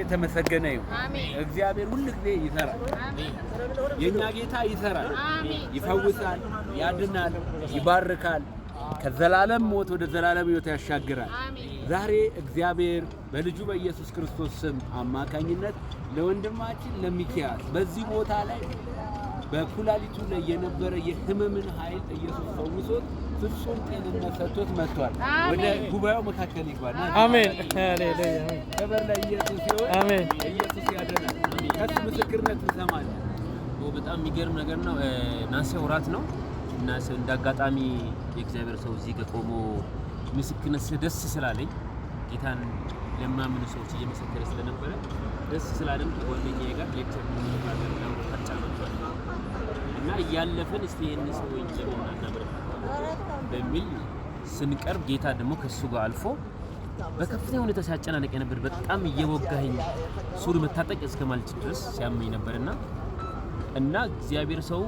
የተመሰገነ ይሁን። እግዚአብሔር ሁል ጊዜ ይሰራል። የእኛ ጌታ ይሰራል፣ ይፈውሳል፣ ያድናል፣ ይባርካል፣ ከዘላለም ሞት ወደ ዘላለም ሕይወት ያሻግራል። ዛሬ እግዚአብሔር በልጁ በኢየሱስ ክርስቶስ ስም አማካኝነት ለወንድማችን ለሚኪያስ በዚህ ቦታ ላይ በኩላሊቱ ላይ የነበረ የህመምን ኃይል ኢየሱስ ፈውሶት ፍጹም ጤንነት ሰጥቶት መጥቷል። ወደ ጉባኤው መካከል ይግባል። አሜን። ክብር ለኢየሱስ ይሁን። አሜን። ኢየሱስ ያደናል። ከሱ ምስክርነት እንሰማለን። በጣም የሚገርም ነገር ነው። ናሴ ወራት ነው እና እንደ አጋጣሚ የእግዚአብሔር ሰው እዚህ ከቆሞ ምስክርነት ደስ ስላለኝ ጌታን ለማምኑ ሰዎች እየመሰከረ ስለነበረ ደስ ስላለኝ ጓደኛዬ ጋር እያለፈን እስቲ ይህን ሰው ለምን በሚል ስንቀርብ ጌታ ደግሞ ከሱ ጋር አልፎ በከፍተኛ ሁኔታ ሲያጨናነቅ ነበር። በጣም እየወጋኝ ሱሪ መታጠቅ እስከ ማለት ድረስ ሲያመኝ ነበርና እና እግዚአብሔር ሰው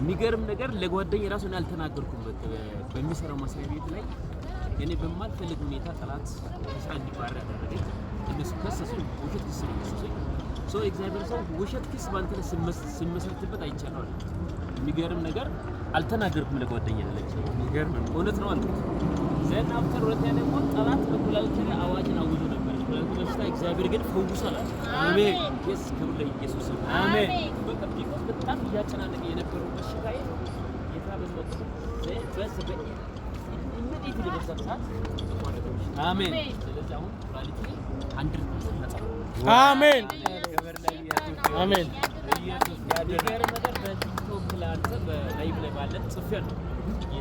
የሚገርም ነገር ለጓደኝ ራሱን ያልተናገርኩም በሚሰራው መስሪያ ቤት ላይ እኔ በማልፈልግ ሁኔታ ጠላት ተስራ እንዲባረር ያደረገኝ ሰው እግዚአብሔር ሰው ውሸት ክስ ባንተ ላይ ሲመሰርትበት አይቻለዋል። የሚገርም ነገር አልተናገርኩም ለጓደኛ ለች እውነት ነው አልኩት። ዘን አፍተር ሁለተኛ ደግሞ ጠላት በኩላሊት ላይ አዋጅን አውጆ ነበር። ኩላሊት በሽታ እግዚአብሔር ግን ፈውሷል። አሜን። ስ ክብር ለኢየሱስ አሜን። በቃ ቢኮስ በጣም እያጨናነቀ የነበረው በሽታ ጌታ በመጡ በስ በ ኢሚዲት የደረሰብ አሜን። ስለዚህ አሁን ኩላሊት አንድ ነጻ አሜን አሜን።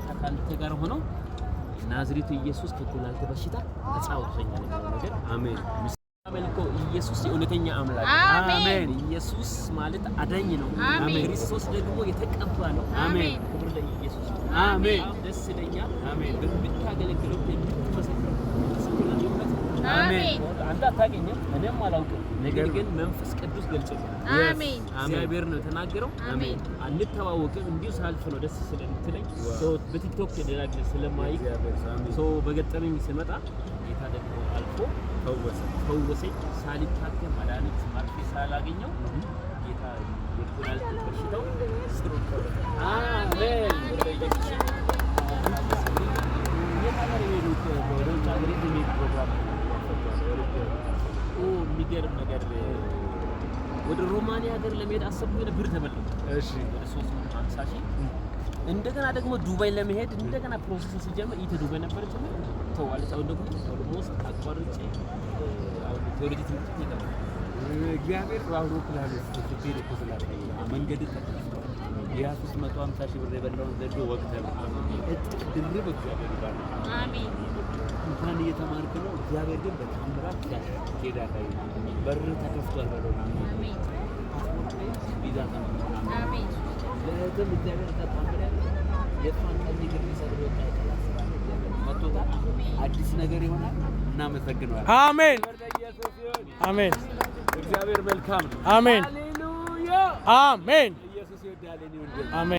ከአንተ ጋር ሆነው ናዝሬቱ ኢየሱስ ከጎላልተ በሽታ ነፃ አውጥቶኛል። ነገር አሜን። መልኮ ኢየሱስ የእውነተኛ አምላክ አሜን። ኢየሱስ ማለት አዳኝ ነው። አሜን። ክርስቶስ ደግሞ የተቀባ ነው። አሜን። ክብር ለኢየሱስ። አሜን። ደስ ይለኛል። አሜን። ብታገለግለው የምትመሰክረው አንተ አታውቅኝም፣ እኔም አላውቅም። ነገር ግን መንፈስ ቅዱስ ገልጾታል። አሜን። እግዚአብሔር ነው የተናገረው። አሜን። አንተዋወቅም፣ እንዲሁ ሳልፍ ነው ደስ ስለምትለኝ ሰው በቲክቶክ ደላግ ስለማይ ሰው በገጠመኝ ስመጣ ጌታ ደግሞ አልፎ ፈወሰ ፈወሰኝ። ሳልታከም መድኃኒት ማርፌ ሳላገኘው ጌታ የኩላሊት በሽታው የሚገርም ነገር ወደ ሮማኒያ ሀገር ለመሄድ አሰብኩ፣ ግን ብር ተመለሰ። እሺ ወደ 350 ሺህ። እንደገና ደግሞ ዱባይ ለመሄድ እንደገና ፕሮሰስ ሲጀምር ኢተ ዱባይ ነበር ነው ተዋለ አሁን ደግሞ ኦልሞስት አቋርጬ አሁን ቴዎሎጂ ትምህርት ይቀር እግዚአብሔር ባሁሩ ፕላን መንገድ ተጠቅሞ የ350 ሺህ ብር የበላውን ዘንዶ ወቅተ እጥቅ ድርብ እግዚአብሔር ይባል። አሜን። እንኳን እየተማርክ ነው። እግዚአብሔር ግን በታምራት ሄዳ ላይ በር ተከፍቷል በለው። ቪዛ አዲስ ነገር ይሆናል። እናመሰግነዋለን። አሜን። አሜን። እግዚአብሔር መልካም ነው። አሜን። አሜን። Amen.